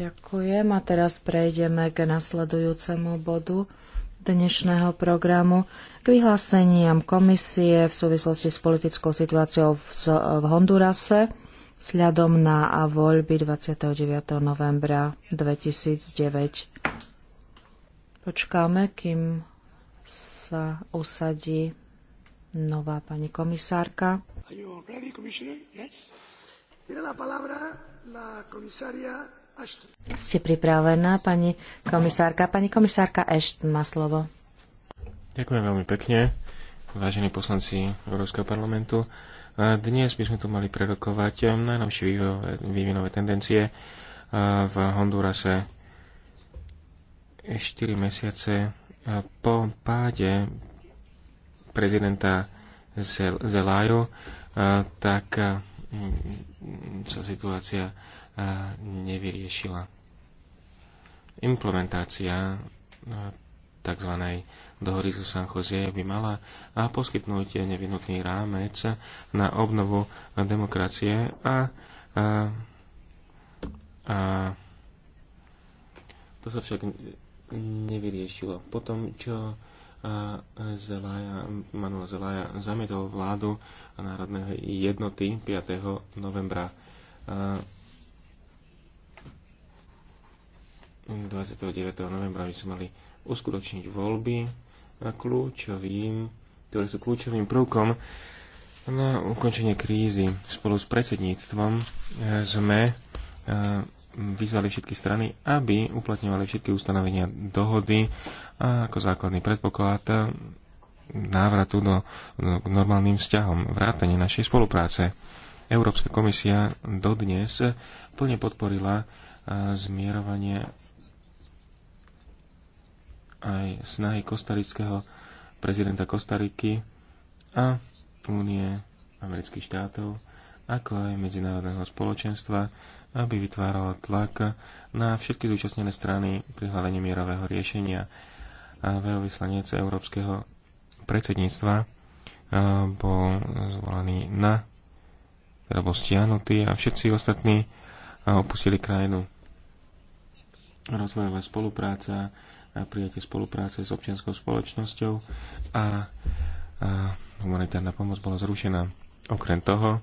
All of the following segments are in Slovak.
Ďakujem a teraz prejdeme k nasledujúcemu bodu dnešného programu k vyhláseniam komisie v súvislosti s politickou situáciou v, Hondurase sľadom na voľby 29. novembra 2009. Počkáme, kým sa usadí nová pani komisárka. Are you ready, commissioner? Yes? Tiene la palabra la comisaria ste pripravená, pani komisárka. Pani komisárka Ešt má slovo. Ďakujem veľmi pekne, vážení poslanci Európskeho parlamentu. Dnes by sme tu mali prerokovať najnovšie vývinové, vývinové tendencie v Hondurase 4 mesiace po páde prezidenta Zelaju, tak sa situácia nevyriešila. Implementácia tzv. dohody zo San Jose by mala a poskytnúť nevinutný rámec na obnovu demokracie a, a, a to sa však nevyriešilo. Potom, čo Zelaja, Manuel Zelaja zamietol vládu národného jednoty 5. novembra. A, 29. novembra by sme mali uskutočniť voľby na kľúčovým, ktoré sú kľúčovým prvkom na ukončenie krízy. Spolu s predsedníctvom eh, sme eh, vyzvali všetky strany, aby uplatňovali všetky ustanovenia dohody a ako základný predpoklad eh, návratu do, do, k normálnym vzťahom, vrátanie našej spolupráce. Európska komisia dodnes plne podporila zmierovanie aj snahy kostarického prezidenta Kostariky a Únie amerických štátov, ako aj medzinárodného spoločenstva, aby vytváralo tlak na všetky zúčastnené strany pri hľadaní mierového riešenia. A veľvyslanec európskeho predsedníctva bol zvolený na, teda bol a všetci ostatní opustili krajinu. Rozvojová spolupráca na prijatie spolupráce s občianskou spoločnosťou a, a humanitárna pomoc bola zrušená. Okrem toho,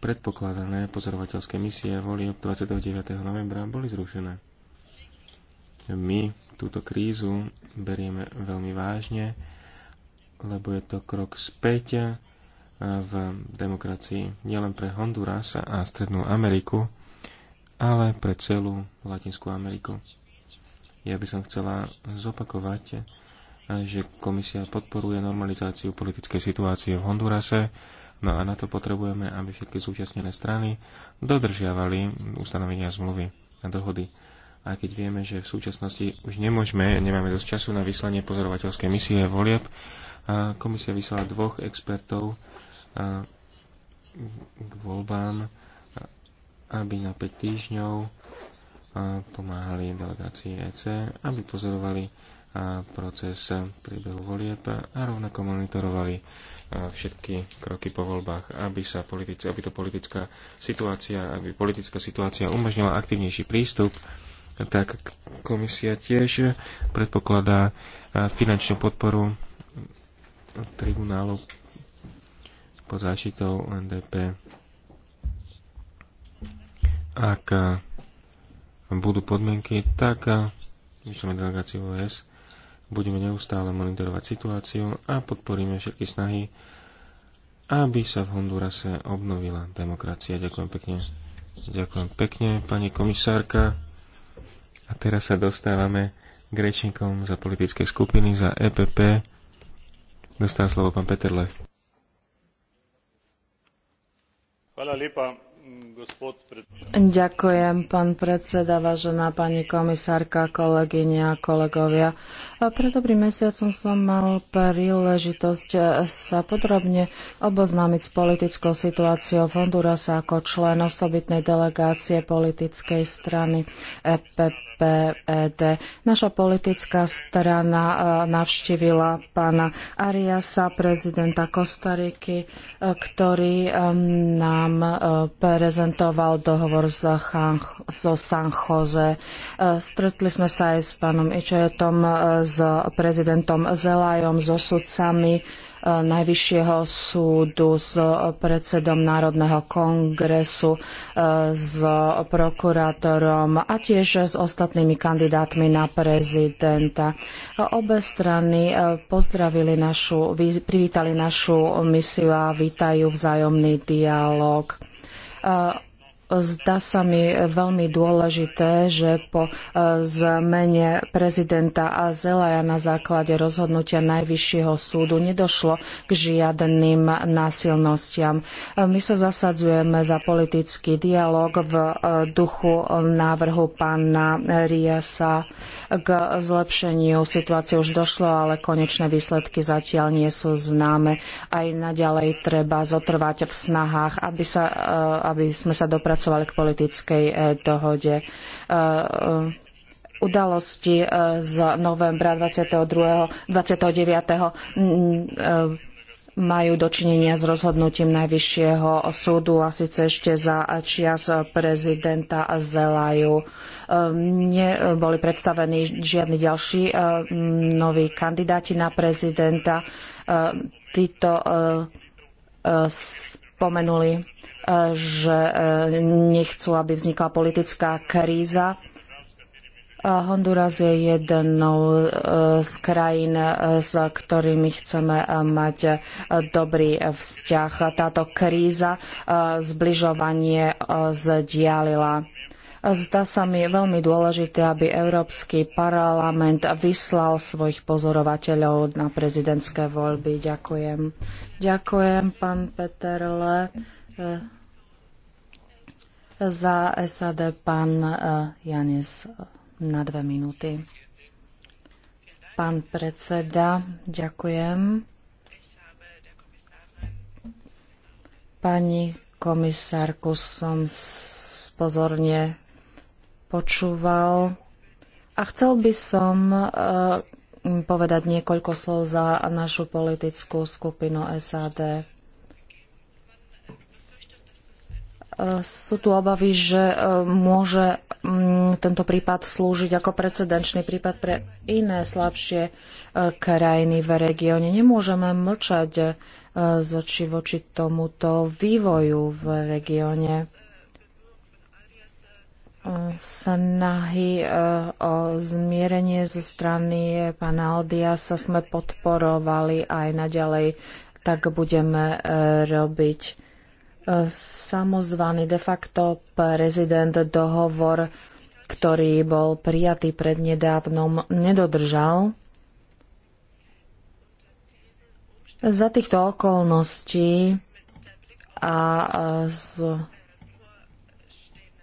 predpokladané pozorovateľské misie volieb 29. novembra boli zrušené. My túto krízu berieme veľmi vážne, lebo je to krok späť v demokracii nielen pre Honduras a Strednú Ameriku, ale pre celú Latinskú Ameriku. Ja by som chcela zopakovať, že komisia podporuje normalizáciu politickej situácie v Hondurase, no a na to potrebujeme, aby všetky zúčastnené strany dodržiavali ustanovenia zmluvy a dohody. A keď vieme, že v súčasnosti už nemôžeme, nemáme dosť času na vyslanie pozorovateľskej misie volieb, a komisia vyslala dvoch expertov k voľbám, aby na 5 týždňov pomáhali delegácii EC, aby pozorovali proces priebehu volieb a rovnako monitorovali všetky kroky po voľbách, aby, sa politici, aby to politická situácia, aby politická situácia umožnila aktívnejší prístup, tak komisia tiež predpokladá finančnú podporu tribunálu pod záštitou NDP. Ak budú podmienky, tak sme delegáciou OS, budeme neustále monitorovať situáciu a podporíme všetky snahy, aby sa v Hondurase obnovila demokracia. Ďakujem pekne. Ďakujem pekne, pani komisárka. A teraz sa dostávame k rečníkom za politické skupiny, za EPP. Dostá slovo pán Peter Lech. Hvala lepa Ďakujem, pán predseda, vážená pani komisárka, kolegyne a kolegovia. Pred dobrým mesiacom som mal príležitosť sa podrobne oboznámiť s politickou situáciou v Hondurasa ako člen osobitnej delegácie politickej strany EPP PED. Naša politická strana e, navštívila pána Ariasa, prezidenta Kostariky, e, ktorý e, nám prezentoval dohovor zo San Jose. Stretli sme sa aj s pánom Ičetom, s prezidentom Zelajom, so sudcami Eh, Najvyššieho súdu, s predsedom Národného kongresu, eh, s prokurátorom a tiež s ostatnými kandidátmi na prezidenta. Obe strany eh, pozdravili našu, privítali našu misiu a vítajú vzájomný dialog Zdá sa mi veľmi dôležité, že po e, zmene prezidenta Zelaja na základe rozhodnutia Najvyššieho súdu nedošlo k žiadnym násilnostiam. E, my sa zasadzujeme za politický dialog v e, duchu návrhu pána Riasa. K zlepšeniu situácie už došlo, ale konečné výsledky zatiaľ nie sú známe. Aj naďalej treba zotrvať v snahách, aby, sa, aby sme sa dopracovali dopracovali k politickej e, dohode e, e, udalosti z novembra 22. 29 majú dočinenia s rozhodnutím Najvyššieho súdu a síce ešte za čias prezidenta Zelaju. Neboli predstavení žiadni ďalší noví kandidáti na prezidenta. Títo spomenuli, e, že e, nechcú, aby vznikla politická kríza. E, Honduras je jednou z krajín, s ktorými chceme mať dobrý vzťah. Táto kríza zbližovanie zdialila Zdá sa mi veľmi dôležité, aby Európsky parlament vyslal svojich pozorovateľov na prezidentské voľby. Ďakujem. Ďakujem, pán Peterle. E, za SAD pán e, Janis na dve minúty. Pán predseda, ďakujem. Pani komisárku som pozorne počúval a chcel by som e, povedať niekoľko slov za našu politickú skupinu SAD. E, sú tu obavy, že e, môže tento prípad slúžiť ako precedenčný prípad pre iné slabšie krajiny v regióne. Nemôžeme mlčať z voči tomuto vývoju v regióne snahy e, o zmierenie zo strany pána sa sme podporovali aj naďalej, tak budeme e, robiť. E, samozvaný de facto prezident dohovor, ktorý bol prijatý prednedávnom, nedodržal. Za týchto okolností a z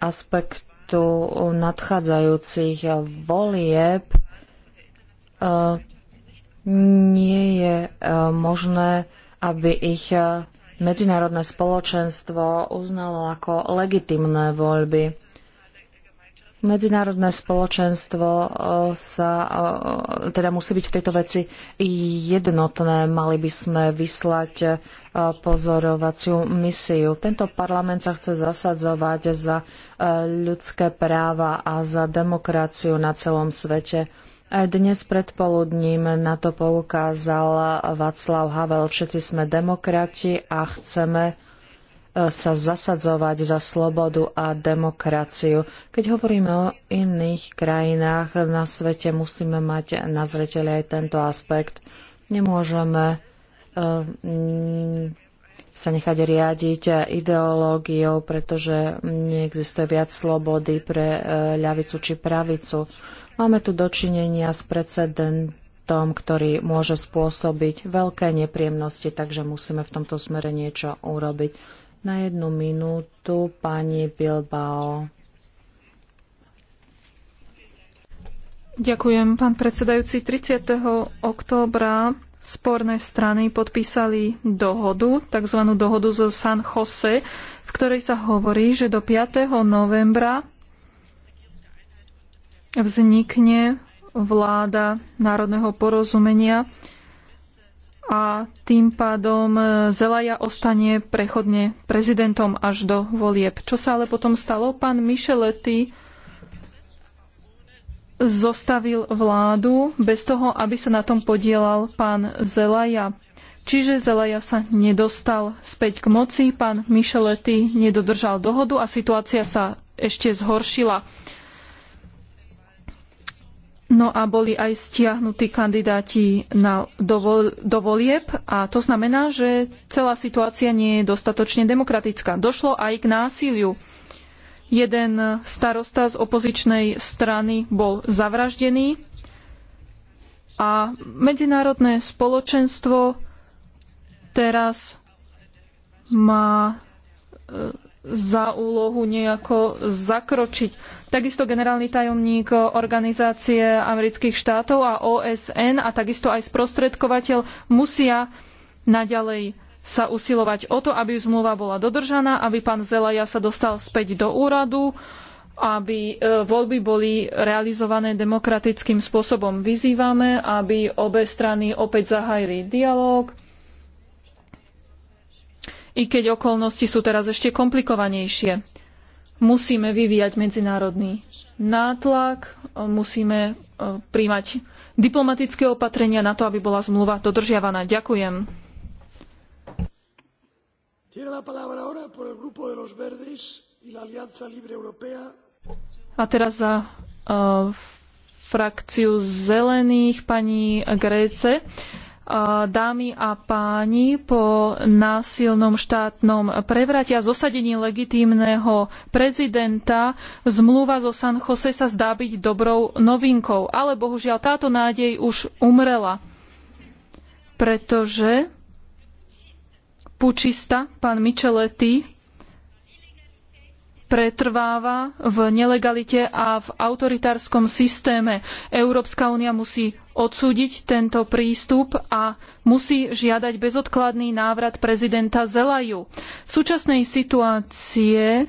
aspekt tu nadchádzajúcich volieb e, nie je e, možné, aby ich e, medzinárodné spoločenstvo uznalo ako legitimné voľby. Medzinárodné spoločenstvo e, sa e, teda musí byť v tejto veci jednotné. Mali by sme vyslať e, pozorovaciu misiu. Tento parlament sa chce zasadzovať za ľudské práva a za demokraciu na celom svete. Dnes predpoludním na to poukázal Václav Havel. Všetci sme demokrati a chceme E, sa zasadzovať za slobodu a demokraciu. Keď hovoríme o iných krajinách na svete, musíme mať na zreteli aj tento aspekt. Nemôžeme e, sa nechať riadiť ideológiou, pretože neexistuje viac slobody pre e, ľavicu či pravicu. Máme tu dočinenia s precedentom, ktorý môže spôsobiť veľké nepríjemnosti, takže musíme v tomto smere niečo urobiť. Na jednu minútu pani Bilbao. Ďakujem, pán predsedajúci. 30. októbra sporné strany podpísali dohodu, tzv. dohodu zo San Jose, v ktorej sa hovorí, že do 5. novembra vznikne vláda národného porozumenia, a tým pádom e, Zelaja ostane prechodne prezidentom až do volieb. Čo sa ale potom stalo? Pán Micheletti zostavil vládu bez toho, aby sa na tom podielal pán Zelaja. Čiže Zelaja sa nedostal späť k moci, pán Micheletti nedodržal dohodu a situácia sa ešte zhoršila. No a boli aj stiahnutí kandidáti na dovol, do volieb a to znamená, že celá situácia nie je dostatočne demokratická. Došlo aj k násiliu. Jeden starosta z opozičnej strany bol zavraždený a medzinárodné spoločenstvo teraz má e, za úlohu nejako zakročiť takisto generálny tajomník Organizácie amerických štátov a OSN a takisto aj sprostredkovateľ musia naďalej sa usilovať o to, aby zmluva bola dodržaná, aby pán Zelaja sa dostal späť do úradu, aby e, voľby boli realizované demokratickým spôsobom. Vyzývame, aby obe strany opäť zahájili dialóg, i keď okolnosti sú teraz ešte komplikovanejšie musíme vyvíjať medzinárodný nátlak, musíme e, príjmať diplomatické opatrenia na to, aby bola zmluva dodržiavaná. Ďakujem. A teraz za uh, frakciu zelených pani Gréce dámy a páni, po násilnom štátnom prevrate a zosadení legitímneho prezidenta zmluva zo San Jose sa zdá byť dobrou novinkou. Ale bohužiaľ táto nádej už umrela, pretože pučista, pán Micheletti, pretrváva v nelegalite a v autoritárskom systéme. Európska únia musí odsúdiť tento prístup a musí žiadať bezodkladný návrat prezidenta Zelaju. V súčasnej situácii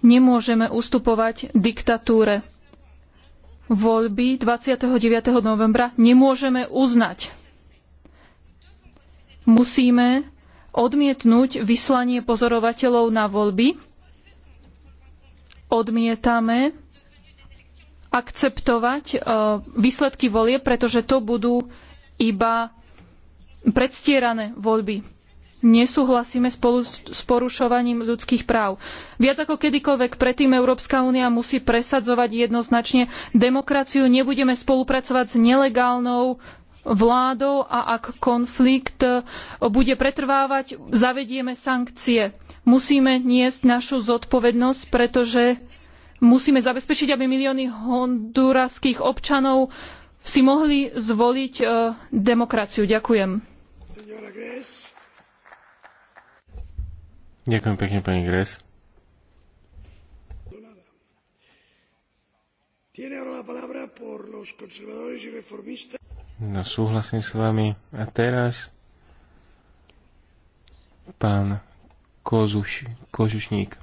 nemôžeme ustupovať diktatúre. Voľby 29. novembra nemôžeme uznať. Musíme odmietnúť vyslanie pozorovateľov na voľby. Odmietame akceptovať e, výsledky volie, pretože to budú iba predstierané voľby. Nesúhlasíme spolu s porušovaním ľudských práv. Viac ako kedykoľvek predtým Európska únia musí presadzovať jednoznačne demokraciu. Nebudeme spolupracovať s nelegálnou vládou a ak konflikt eh, bude pretrvávať, zavedieme sankcie. Musíme niesť našu zodpovednosť, pretože musíme zabezpečiť, aby milióny honduraských občanov si mohli zvoliť eh, demokraciu. Ďakujem. Ďakujem pekne, pani Gres. No súhlasím s vami. A teraz pán Kozuš, Kožušník.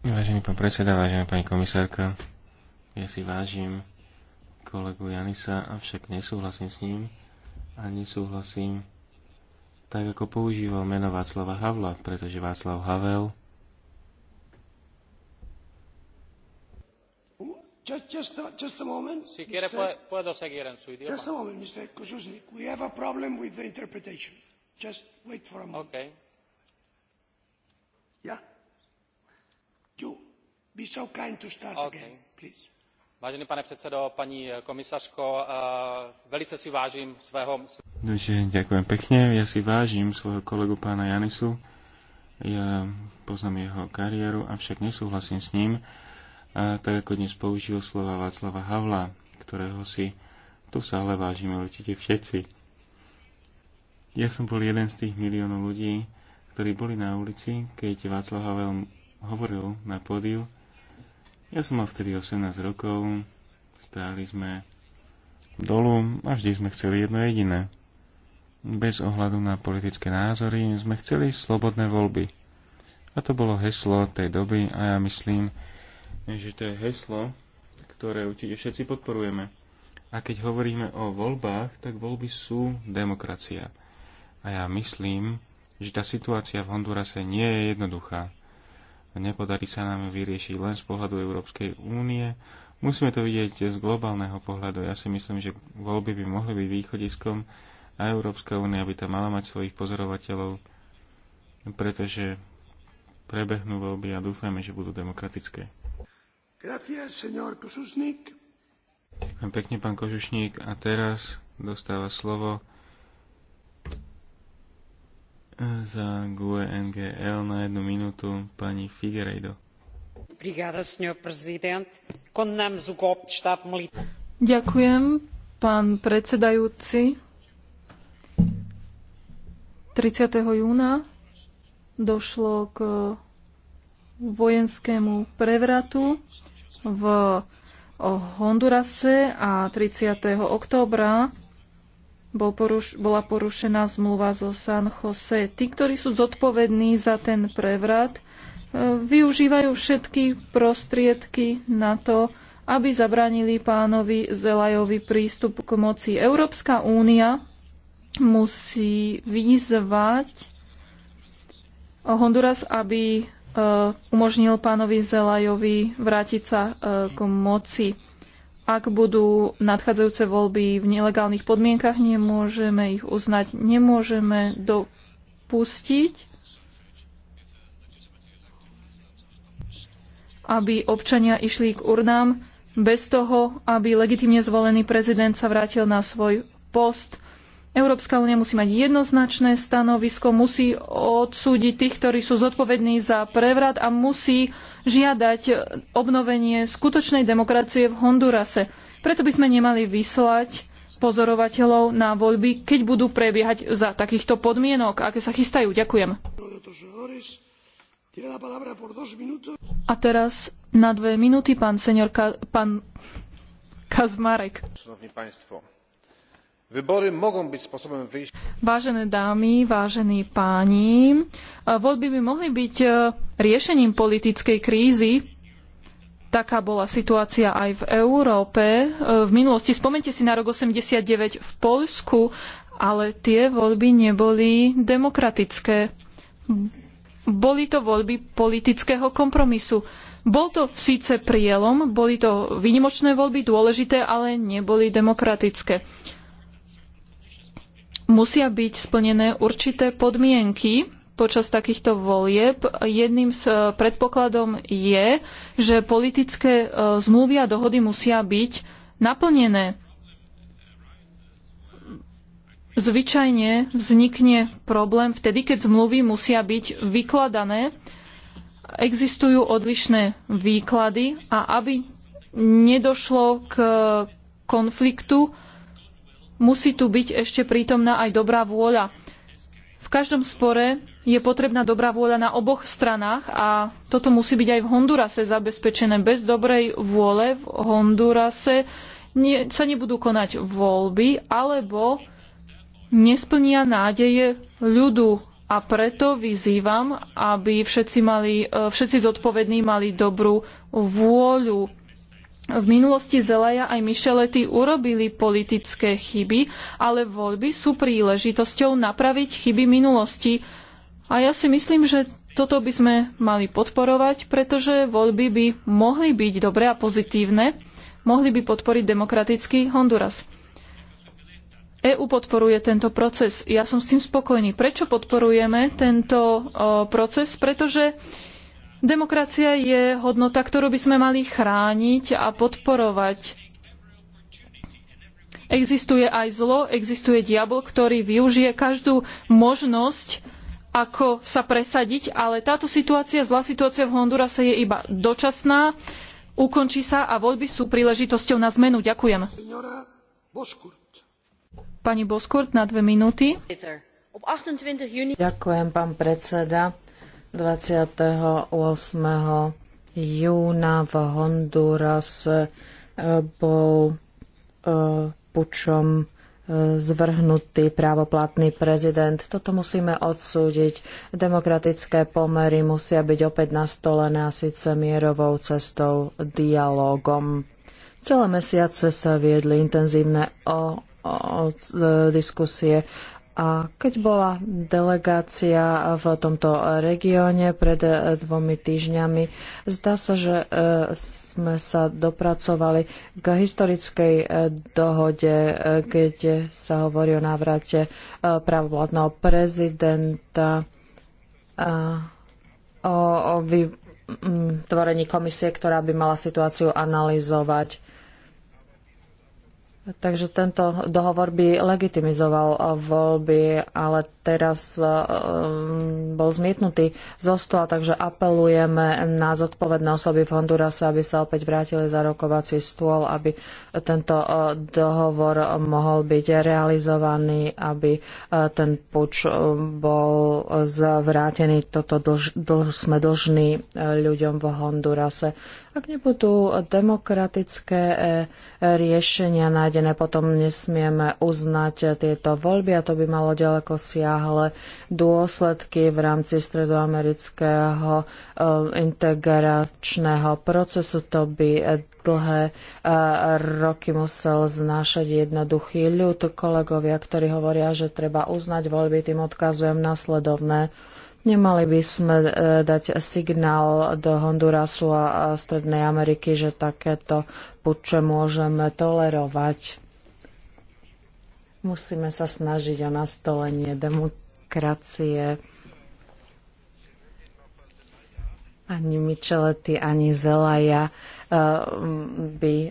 Vážený pán predseda, vážená pani komisárka, ja si vážim kolegu Janisa, avšak nesúhlasím s ním a nesúhlasím tak, ako používal meno Václava Havla, pretože Václav Havel Si quiere puedo seguir en su idioma. Just wait for a moment. Okay. Yeah. You, be so kind to start okay. again, please. Vážený pane předsedo, paní komisařko, uh, velice si vážím svého... Dobre, ďakujem pekne. Ja si vážim svojho kolegu pána Janisu. Ja poznám jeho kariéru, avšak nesúhlasím s ním, a tak ako dnes použil slova Václava Havla, ktorého si tu sa ale vážime určite všetci. Ja som bol jeden z tých miliónov ľudí, ktorí boli na ulici, keď Václav Havel hovoril na pódiu. Ja som mal vtedy 18 rokov, stáli sme dolu a vždy sme chceli jedno jediné. Bez ohľadu na politické názory sme chceli slobodné voľby. A to bolo heslo tej doby a ja myslím, že to je heslo, ktoré určite všetci podporujeme. A keď hovoríme o voľbách, tak voľby sú demokracia. A ja myslím, že tá situácia v Hondurase nie je jednoduchá. Nepodarí sa nám vyriešiť len z pohľadu Európskej únie. Musíme to vidieť z globálneho pohľadu. Ja si myslím, že voľby by mohli byť východiskom a Európska únia by tam mala mať svojich pozorovateľov, pretože prebehnú voľby a dúfajme, že budú demokratické. Ďakujem pekne, pán Kožušník. A teraz dostáva slovo za GUE NGL na jednu minútu pani Figueiredo. Ďakujem, pán predsedajúci. 30. júna došlo k vojenskému prevratu v Hondurase a 30. októbra bol poruš- bola porušená zmluva zo San Jose. Tí, ktorí sú zodpovední za ten prevrat, e, využívajú všetky prostriedky na to, aby zabránili pánovi Zelajovi prístup k moci. Európska únia musí vyzvať Honduras, aby Eh, umožnil pánovi Zelajovi vrátiť sa eh, k moci. Ak budú nadchádzajúce voľby v nelegálnych podmienkach, nemôžeme ich uznať, nemôžeme dopustiť, aby občania išli k urnám bez toho, aby legitimne zvolený prezident sa vrátil na svoj post. Európska únia musí mať jednoznačné stanovisko, musí odsúdiť tých, ktorí sú zodpovední za prevrat a musí žiadať obnovenie skutočnej demokracie v Hondurase. Preto by sme nemali vyslať pozorovateľov na voľby, keď budú prebiehať za takýchto podmienok, aké sa chystajú. Ďakujem. A teraz na dve minúty pán senior Ka- pán Kazmarek. Wybory mogą być sposobem wyjścia. Vážené dámy, vážení páni, e, voľby by mohli byť e, riešením politickej krízy. Taká bola situácia aj v Európe. E, v minulosti, spomente si na rok 89 v Poľsku, ale tie voľby neboli demokratické. Boli to voľby politického kompromisu. Bol to síce prielom, boli to výnimočné voľby, dôležité, ale neboli demokratické musia byť splnené určité podmienky počas takýchto volieb. Jedným z e, predpokladom je, že politické e, zmluvy a dohody musia byť naplnené. Zvyčajne vznikne problém vtedy, keď zmluvy musia byť vykladané. Existujú odlišné výklady a aby nedošlo k konfliktu, musí tu byť ešte prítomná aj dobrá vôľa. V každom spore je potrebná dobrá vôľa na oboch stranách a toto musí byť aj v Hondurase zabezpečené. Bez dobrej vôle v Hondurase nie, sa nebudú konať voľby alebo nesplnia nádeje ľudu. A preto vyzývam, aby všetci, mali, e, všetci zodpovední mali dobrú vôľu v minulosti Zelaja aj Mišelety urobili politické chyby, ale voľby sú príležitosťou napraviť chyby minulosti. A ja si myslím, že toto by sme mali podporovať, pretože voľby by mohli byť dobré a pozitívne, mohli by podporiť demokratický Honduras. EÚ podporuje tento proces. Ja som s tým spokojný. Prečo podporujeme tento o, proces? Pretože Demokracia je hodnota, ktorú by sme mali chrániť a podporovať. Existuje aj zlo, existuje diabol, ktorý využije každú možnosť, ako sa presadiť, ale táto situácia, zlá situácia v Hondurase je iba dočasná, ukončí sa a voľby sú príležitosťou na zmenu. Ďakujem. Pani Boskurt na dve minúty. Ďakujem, pán predseda. 28. júna v Honduras e, bol e, pučom e, zvrhnutý právoplatný prezident. Toto musíme odsúdiť. Demokratické pomery musia byť opäť nastolené a síce mierovou cestou, dialógom. Celé mesiace sa viedli intenzívne o, o, o diskusie a keď bola delegácia v tomto regióne pred e, dvomi týždňami, zdá sa, že e, sme sa dopracovali k historickej e, dohode, keď sa hovorí o návrate pravovládneho prezidenta o vytvorení komisie, ktorá by mala situáciu analyzovať Takže tento dohovor by legitimizoval voľby, ale teraz e, mm, bol zmietnutý zo stola, takže apelujeme na zodpovedné osoby v Hondurase, aby sa opäť vrátili za rokovací stôl, aby tento e, dohovor mohol byť realizovaný, aby e, ten puč bol zvrátený. Toto dlž, dlž, sme dlžní ľuďom v Hondurase. Ak nebudú demokratické riešenia, nájdené, zriadené, potom nesmieme uznať tieto voľby a to by malo ďaleko siahle dôsledky v rámci stredoamerického eh, integračného procesu. To by eh, dlhé eh, roky musel znášať jednoduchý ľud. Kolegovia, ktorí hovoria, že treba uznať voľby, tým odkazujem nasledovné. Nemali by sme e, dať signál do Hondurasu a Strednej Ameriky, že takéto puče môžeme tolerovať. Musíme sa snažiť o nastolenie demokracie. Ani Micheletti, ani Zelaja e, by e,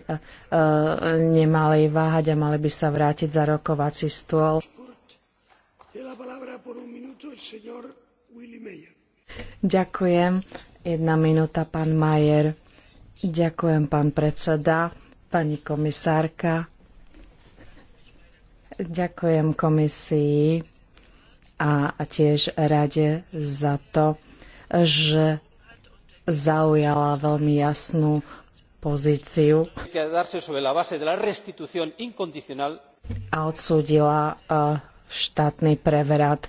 nemali váhať a mali by sa vrátiť za rokovací stôl. Ďakujem. Jedna minúta, pán Majer. Ďakujem, pán predseda, pani komisárka. Ďakujem komisii a tiež rade za to, že zaujala veľmi jasnú pozíciu a odsúdila eh, štátny prevrat.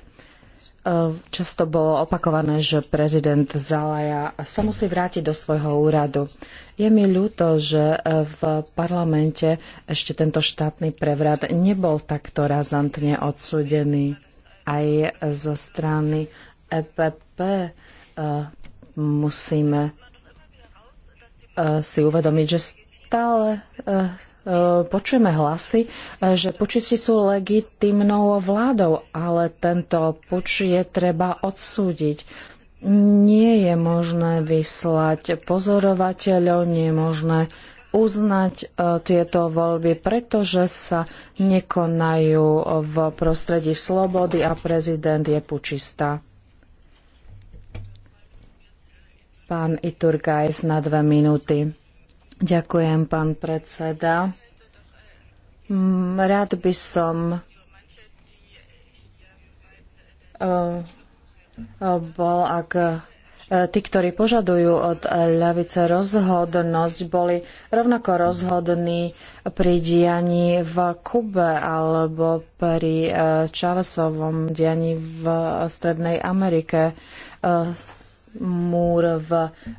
E, často bolo opakované, že prezident Zalaja sa musí vrátiť do svojho úradu. Je mi ľúto, že e, v parlamente ešte tento štátny prevrat nebol takto razantne odsudený aj zo strany EPP. E, musíme si uvedomiť, že stále Eh, počujeme hlasy, eh, že pučisti sú legitimnou vládou, ale tento puč je treba odsúdiť. Nie je možné vyslať pozorovateľov, nie je možné uznať eh, tieto voľby, pretože sa nekonajú v prostredí slobody a prezident je pučista. Pán Iturgajs na dve minúty. Ďakujem, pán predseda. Mm, rád by som e, e, bol, ak e, tí, ktorí požadujú od ľavice rozhodnosť, boli rovnako rozhodní pri dianí v Kube alebo pri Čavesovom dianí v Strednej Amerike. Múr v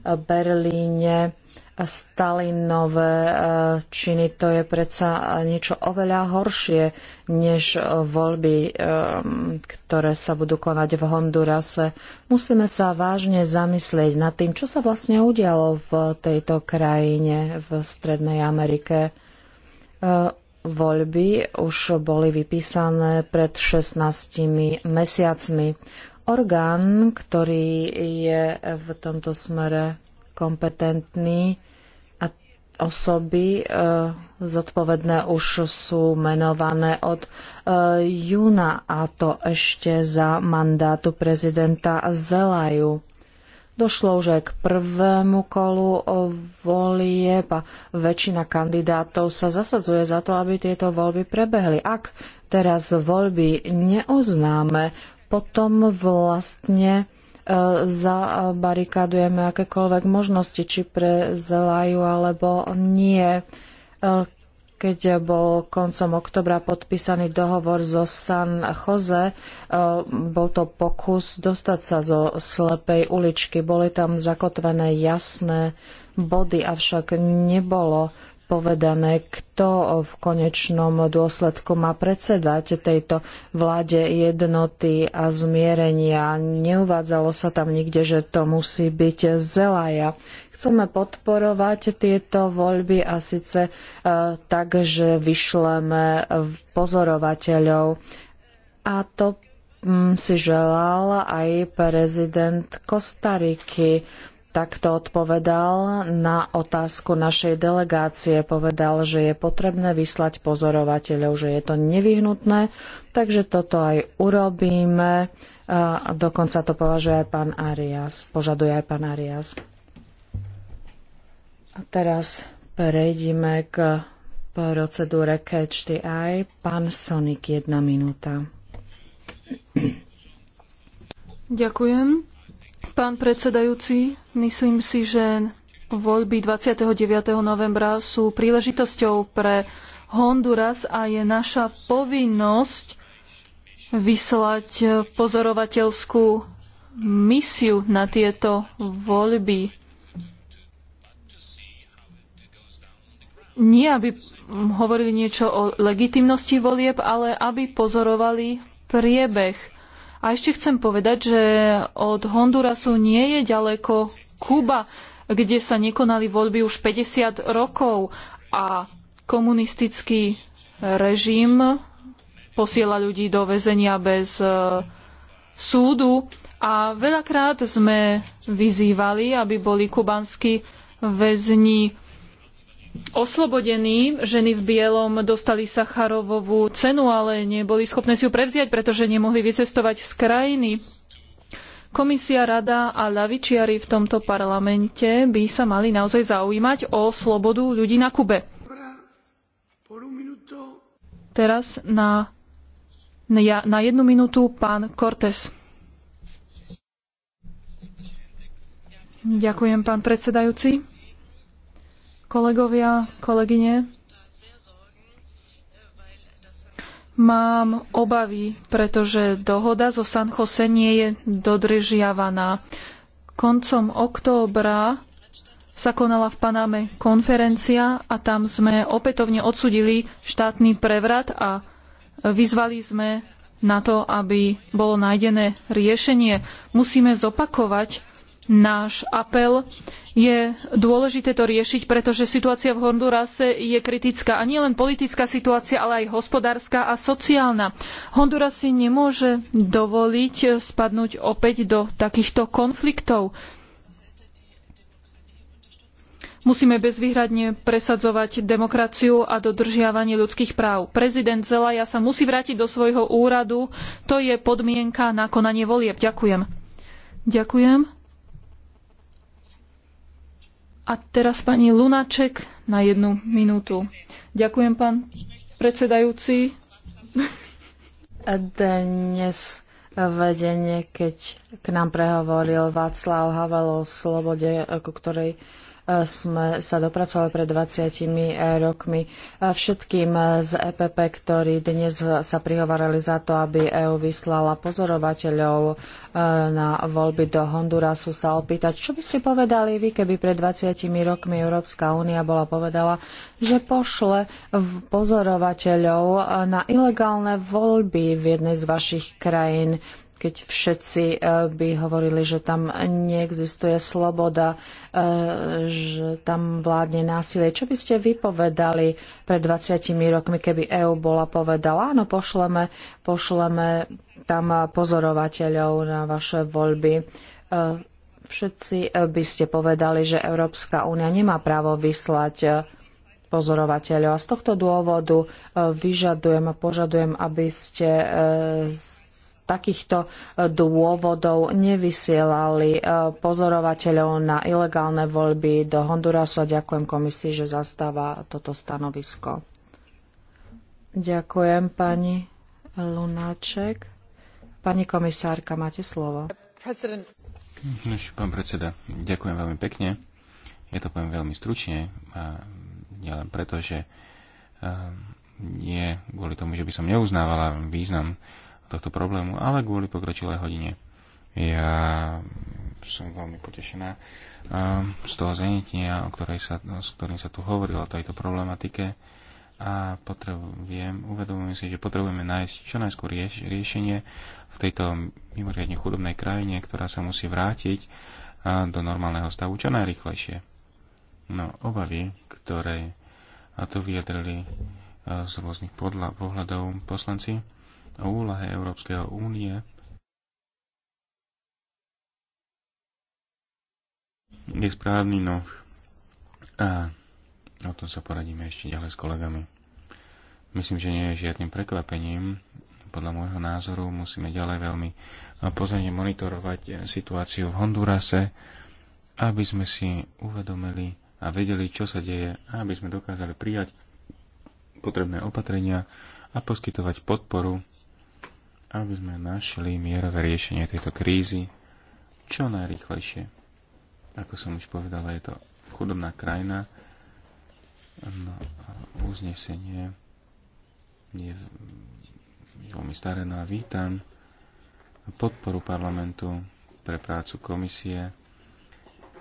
Berlíne Stalinové e, činy, to je predsa niečo oveľa horšie než voľby, e, ktoré sa budú konať v Hondurase. Musíme sa vážne zamyslieť nad tým, čo sa vlastne udialo v tejto krajine v Strednej Amerike. E, voľby už boli vypísané pred 16 mesiacmi. Orgán, ktorý je v tomto smere kompetentní a osoby e, zodpovedné už sú menované od e, júna a to ešte za mandátu prezidenta Zelaju. Došlo už aj k prvému kolu volieb a väčšina kandidátov sa zasadzuje za to, aby tieto voľby prebehli. Ak teraz voľby neuznáme, potom vlastne E, Zabarikádujeme akékoľvek možnosti, či pre Zelaju alebo nie. E, keď bol koncom oktobra podpísaný dohovor zo San Jose, e, bol to pokus dostať sa zo slepej uličky. Boli tam zakotvené jasné body, avšak nebolo povedané, kto v konečnom dôsledku má predsedať tejto vláde jednoty a zmierenia. Neuvádzalo sa tam nikde, že to musí byť Zelaja. Chceme podporovať tieto voľby a síce e, tak, že vyšleme pozorovateľov. A to mm, si želal aj prezident Kostariky takto odpovedal na otázku našej delegácie. Povedal, že je potrebné vyslať pozorovateľov, že je to nevyhnutné, takže toto aj urobíme. A dokonca to považuje aj pán Arias, požaduje aj pán Arias. A teraz prejdime k procedúre Catch the Eye. Pán Sonik, jedna minúta. Ďakujem. Pán predsedajúci, myslím si, že voľby 29. novembra sú príležitosťou pre Honduras a je naša povinnosť vyslať pozorovateľskú misiu na tieto voľby. Nie, aby hovorili niečo o legitimnosti volieb, ale aby pozorovali priebeh. A ešte chcem povedať, že od Hondurasu nie je ďaleko Kuba, kde sa nekonali voľby už 50 rokov a komunistický režim posiela ľudí do väzenia bez e, súdu a veľakrát sme vyzývali, aby boli kubanskí väzni oslobodení. Ženy v bielom dostali Sacharovovú cenu, ale neboli schopné si ju prevziať, pretože nemohli vycestovať z krajiny. Komisia, rada a ľavičiari v tomto parlamente by sa mali naozaj zaujímať o slobodu ľudí na Kube. Teraz na, na jednu minútu pán Cortes. Ďakujem, pán predsedajúci kolegovia, kolegyne. Mám obavy, pretože dohoda zo San Jose nie je dodržiavaná. Koncom októbra sa konala v Paname konferencia a tam sme opätovne odsudili štátny prevrat a vyzvali sme na to, aby bolo nájdené riešenie. Musíme zopakovať náš apel. Je dôležité to riešiť, pretože situácia v Hondurase je kritická. A nielen politická situácia, ale aj hospodárska a sociálna. Honduras si nemôže dovoliť spadnúť opäť do takýchto konfliktov. Musíme bezvýhradne presadzovať demokraciu a dodržiavanie ľudských práv. Prezident Zelaja sa musí vrátiť do svojho úradu. To je podmienka na konanie volieb. Ďakujem. Ďakujem. A teraz pani Lunaček na jednu minútu. Ďakujem, pán predsedajúci. Dnes vedenie, keď k nám prehovoril Václav Havel o slobode, ku ktorej sme sa dopracovali pred 20 eh, rokmi. Všetkým eh, z EPP, ktorí dnes sa prihovarali za to, aby EÚ vyslala pozorovateľov eh, na voľby do Hondurasu, sa opýtať, čo by ste povedali vy, keby pred 20 rokmi Európska únia bola povedala, že pošle pozorovateľov na ilegálne voľby v jednej z vašich krajín keď všetci eh, by hovorili, že tam neexistuje sloboda, eh, že tam vládne násilie. Čo by ste vypovedali pred 20 rokmi, keby EÚ bola povedala, áno, pošleme, pošleme tam pozorovateľov na vaše voľby. Eh, všetci by ste povedali, že Európska únia nemá právo vyslať pozorovateľov. A z tohto dôvodu vyžadujem a požadujem, aby ste takýchto e, dôvodov nevysielali e, pozorovateľov na ilegálne voľby do Hondurasu a ďakujem komisii, že zastáva toto stanovisko. Ďakujem pani Lunáček. Pani komisárka, máte slovo. Pán predseda, ďakujem veľmi pekne. Ja to poviem veľmi stručne, a nielen preto, že nie kvôli tomu, že by som neuznávala význam tohto problému, ale kvôli pokročilej hodine. Ja som veľmi potešená ehm, z toho zenitia, o ktorej sa, s ktorým sa tu hovorilo o tejto problematike a potrebujem, uvedomujem si, že potrebujeme nájsť čo najskôr rieš, riešenie v tejto mimoriadne chudobnej krajine, ktorá sa musí vrátiť do normálneho stavu čo najrychlejšie. No, obavy, ktoré a to vyjadrili e, z rôznych podľa, pohľadov poslanci, o úlahe Európskeho únie je správny, no a o tom sa poradíme ešte ďalej s kolegami. Myslím, že nie je žiadnym prekvapením. Podľa môjho názoru musíme ďalej veľmi pozorne monitorovať situáciu v Hondurase, aby sme si uvedomili a vedeli, čo sa deje, aby sme dokázali prijať potrebné opatrenia a poskytovať podporu aby sme našli mierové riešenie tejto krízy čo najrychlejšie. Ako som už povedala, je to chudobná krajina. No, uznesenie je veľmi staré, no a vítam podporu parlamentu pre prácu komisie,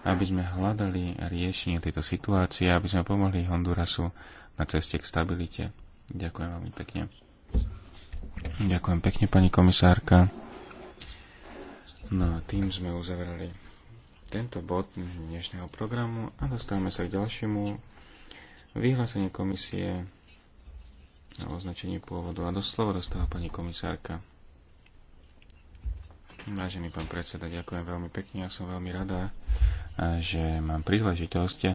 aby sme hľadali riešenie tejto situácie, aby sme pomohli Hondurasu na ceste k stabilite. Ďakujem veľmi pekne. Ďakujem pekne, pani komisárka. No a tým sme uzavreli tento bod dnešného programu a dostávame sa k ďalšiemu vyhlásenie komisie a označenie pôvodu. A doslova dostáva pani komisárka. Vážený pán predseda, ďakujem veľmi pekne. Ja som veľmi rada, že mám príležitosť